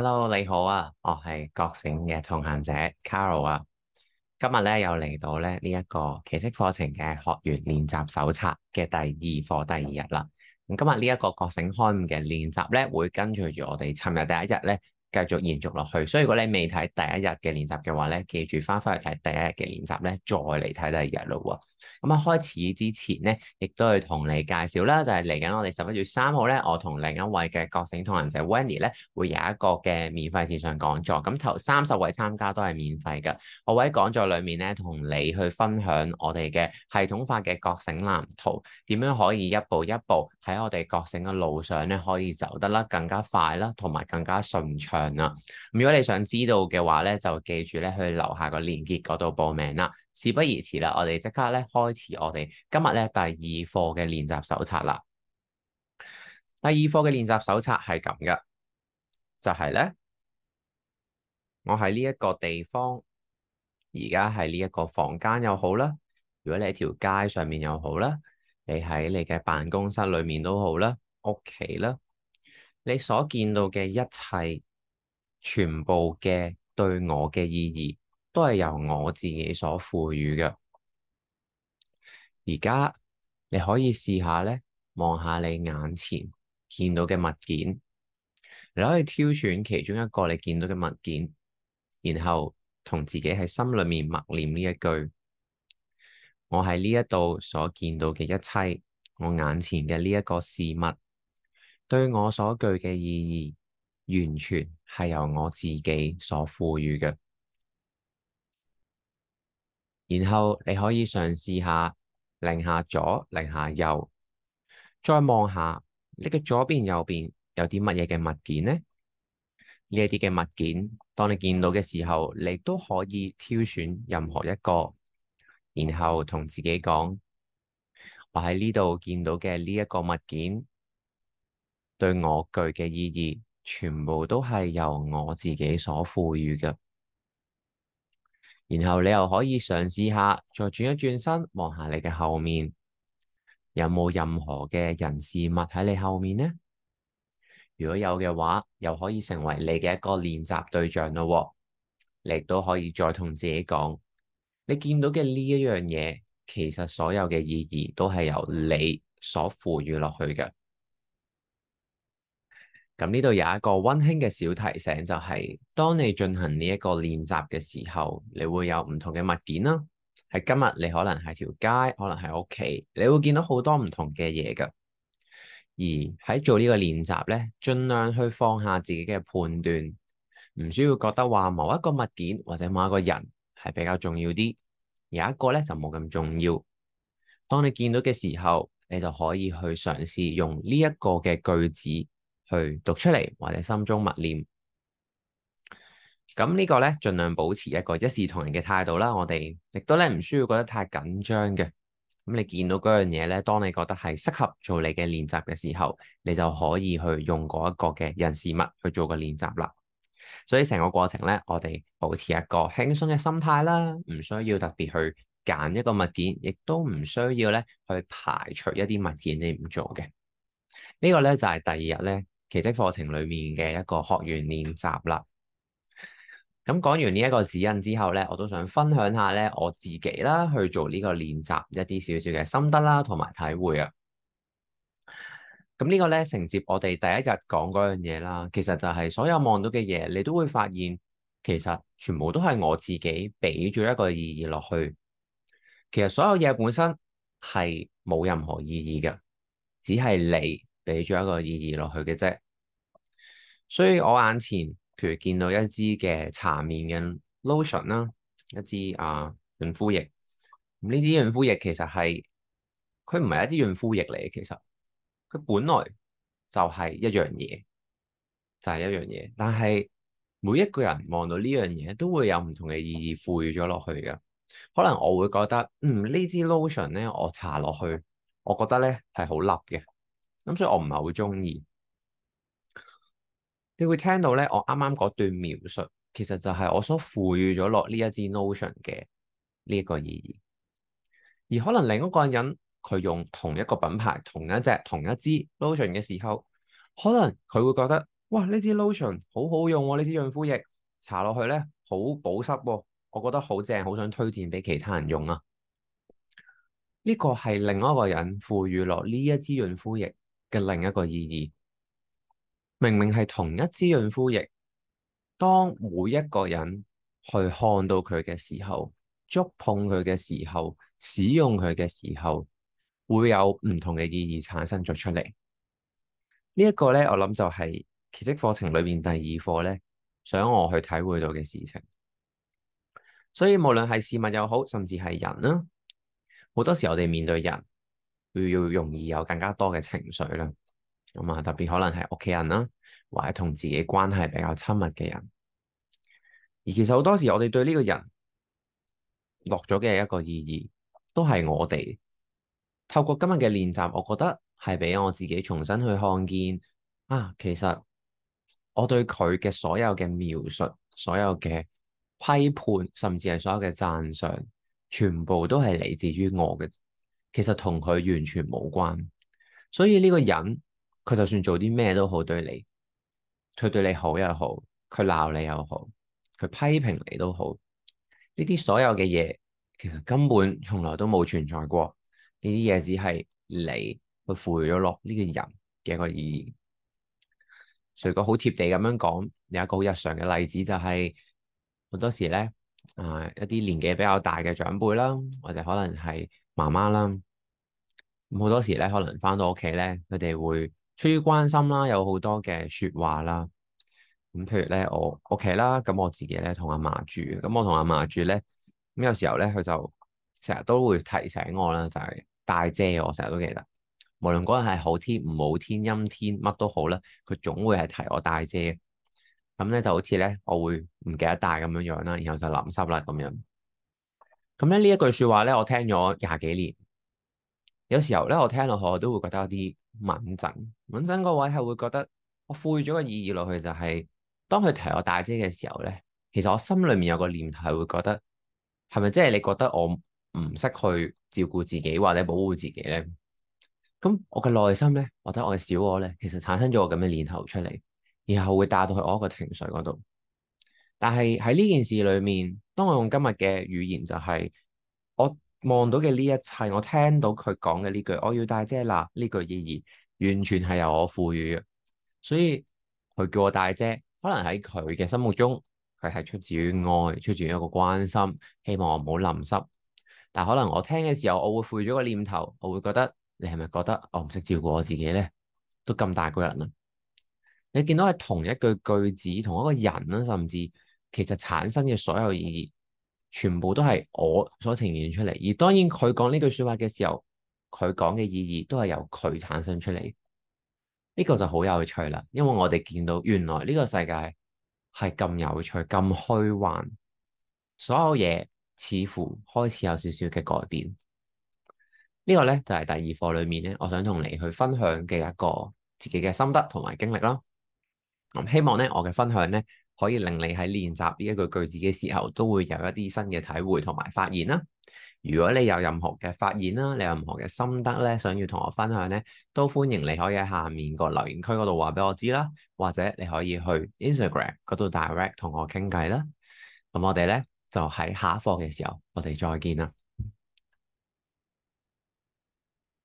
Hello，你好啊，我係覺醒嘅同行者 Carol 啊，今日咧又嚟到咧呢一個奇蹟課程嘅學員練習手冊嘅第二課第二日啦。咁今日呢一個覺醒開悟嘅練習咧，會跟隨住我哋尋日第一日咧。繼續延續落去，所以如果你未睇第一日嘅練習嘅話咧，記住翻返去睇第一日嘅練習咧，再嚟睇第二日咯喎。咁啊開始之前咧，亦都係同你介紹啦，就係嚟緊我哋十一月三號咧，我同另一位嘅覺醒同行者 Winnie 咧，會有一個嘅免費線上講座，咁頭三十位參加都係免費嘅。我喺講座裏面咧，同你去分享我哋嘅系統化嘅覺醒藍圖，點樣可以一步一步喺我哋覺醒嘅路上咧，可以走得啦更加快啦，同埋更加順暢。啦，如果你想知道嘅話咧，就記住咧去樓下個連結嗰度報名啦。事不宜遲啦，我哋即刻咧開始我哋今日咧第二課嘅練習手冊啦。第二課嘅練習手冊係咁嘅，就係咧，我喺呢一個地方，而家係呢一個房間又好啦，如果你喺條街上面又好啦，你喺你嘅辦公室裏面都好啦，屋企啦，你所見到嘅一切。全部嘅對我嘅意義都係由我自己所賦予嘅。而家你可以試下咧，望下你眼前見到嘅物件，你可以挑選其中一個你見到嘅物件，然後同自己喺心裏面默念呢一句：我喺呢一度所見到嘅一切，我眼前嘅呢一個事物，對我所具嘅意義。完全係由我自己所賦予嘅。然後你可以嘗試下，擰下左，擰下右，再望下你嘅左邊、右邊有啲乜嘢嘅物件呢？呢一啲嘅物件，當你見到嘅時候，你都可以挑選任何一個，然後同自己講，我喺呢度見到嘅呢一個物件對我具嘅意義。全部都係由我自己所賦予嘅，然後你又可以嘗試下，再轉一轉身，望下你嘅後面有冇任何嘅人事物喺你後面呢？如果有嘅話，又可以成為你嘅一個練習對象咯哦。你亦都可以再同自己講，你見到嘅呢一樣嘢，其實所有嘅意義都係由你所賦予落去嘅。咁呢度有一個溫馨嘅小提醒，就係、是、當你進行呢一個練習嘅時候，你會有唔同嘅物件啦。喺今日你可能係條街，可能係屋企，你會見到好多唔同嘅嘢㗎。而喺做呢個練習咧，盡量去放下自己嘅判斷，唔需要覺得話某一個物件或者某一個人係比較重要啲，有一個咧就冇咁重要。當你見到嘅時候，你就可以去嘗試用呢一個嘅句子，去讀出嚟或者心中默念，咁呢個咧盡量保持一個一視同仁嘅態度啦。我哋亦都咧唔需要覺得太緊張嘅。咁你見到嗰樣嘢咧，當你覺得係適合做你嘅練習嘅時候，你就可以去用嗰一個嘅人事物去做個練習啦。所以成個過程咧，我哋保持一個輕鬆嘅心態啦，唔需要特別去揀一個物件，亦都唔需要咧去排除一啲物件你唔做嘅。這個、呢個咧就係、是、第二日咧。奇蹟課程裏面嘅一個學員練習啦，咁講完呢一個指引之後咧，我都想分享下咧我自己啦去做呢個練習一啲少少嘅心得啦同埋體會啊。咁、嗯這個、呢個咧承接我哋第一日講嗰樣嘢啦，其實就係所有望到嘅嘢，你都會發現其實全部都係我自己俾咗一個意義落去。其實所有嘢本身係冇任何意義嘅，只係你。俾咗一個意義落去嘅啫，所以我眼前譬如見到一支嘅搽面嘅 lotion 啦，一支啊潤膚液。呢支潤膚液其實係佢唔係一支潤膚液嚟，其實佢本來就係一樣嘢，就係、是、一樣嘢。但係每一個人望到呢樣嘢都會有唔同嘅意義賦予咗落去嘅。可能我會覺得嗯呢支 lotion 咧，我搽落去，我覺得咧係好笠嘅。咁所以，我唔係好中意。你會聽到咧，我啱啱嗰段描述，其實就係我所賦予咗落呢一支 lotion 嘅呢一個意義。而可能另一個人佢用同一個品牌、同一隻、同一支 lotion 嘅時候，可能佢會覺得哇，呢支 lotion 好好用、啊，呢支潤膚液搽落去咧好保濕、啊，我覺得好正，好想推薦俾其他人用啊。呢個係另外一個人賦予落呢一支潤膚液嘅另一個意義，明明係同一支潤膚液，當每一個人去看到佢嘅時候、觸碰佢嘅時候、使用佢嘅時候，會有唔同嘅意義產生咗出嚟。這個、呢一個咧，我諗就係奇跡課程裏面第二課咧，想我去體會到嘅事情。所以無論係事物又好，甚至係人啦、啊，好多時候我哋面對人，要容易有更加多嘅情緒啦，咁啊特別可能係屋企人啦，或者同自己關係比較親密嘅人。而其實好多時我哋對呢個人落咗嘅一個意義，都係我哋透過今日嘅練習，我覺得係俾我自己重新去看見啊，其實我對佢嘅所有嘅描述、所有嘅批判，甚至係所有嘅讚賞，全部都係嚟自於我嘅。其實同佢完全冇關，所以呢個人佢就算做啲咩都好對你，佢對你好又好，佢鬧你又好，佢批評你都好，呢啲所有嘅嘢其實根本從來都冇存在過，呢啲嘢只係你去賦予咗落呢個人嘅一個意義。水果好貼地咁樣講，有一個好日常嘅例子就係、是、好多時咧，啊、呃、一啲年紀比較大嘅長輩啦，或者可能係。媽媽啦，好多時咧，可能翻到屋企咧，佢哋會出於關心啦，有好多嘅説話啦。咁譬如咧，我屋企啦，咁我自己咧同阿嫲住，咁我同阿嫲住咧，咁有時候咧，佢就成日都會提醒我啦，就係帶遮，我成日都記得。無論嗰日係好天、唔好天、陰天乜都好啦，佢總會係提我帶遮。咁咧就好似咧，我會唔記得帶咁樣樣啦，然後就淋濕啦咁樣。咁咧呢一句説話咧，我聽咗廿幾年，有時候咧我聽落去，我都會覺得有啲穩真。穩真個位係會覺得，我賦予咗個意義落去，就係、是、當佢提我大姐嘅時候咧，其實我心裏面有個念頭係會覺得，係咪即係你覺得我唔識去照顧自己或者保護自己咧？咁我嘅內心咧，或者我嘅小我咧，其實產生咗個咁嘅念頭出嚟，然後會帶到去我一個情緒嗰度。但係喺呢件事裏面。當我用今日嘅語言、就是，就係我望到嘅呢一切，我聽到佢講嘅呢句，我要帶遮啦。呢句意義完全係由我賦予，所以佢叫我帶遮，可能喺佢嘅心目中，佢係出自於愛，出自於一個關心，希望我唔好淋濕。但可能我聽嘅時候，我會賦予咗個念頭，我會覺得你係咪覺得我唔識照顧我自己咧？都咁大個人啦，你見到係同一句句句子，同一個人啦、啊，甚至。其實產生嘅所有意義，全部都係我所呈現出嚟。而當然佢講呢句說話嘅時候，佢講嘅意義都係由佢產生出嚟。呢、這個就好有趣啦，因為我哋見到原來呢個世界係咁有趣、咁虛幻，所有嘢似乎開始有少少嘅改變。這個、呢個咧就係、是、第二課裏面咧，我想同你去分享嘅一個自己嘅心得同埋經歷囉。咁、嗯、希望咧，我嘅分享咧。可以令你喺練習呢一句句子嘅時候，都會有一啲新嘅體會同埋發現啦。如果你有任何嘅發現啦，你有任何嘅心得咧，想要同我分享咧，都歡迎你可以喺下面個留言區嗰度話俾我知啦，或者你可以去 Instagram 嗰度 Direct 同我傾偈啦。咁我哋咧就喺下一課嘅時候，我哋再見啦。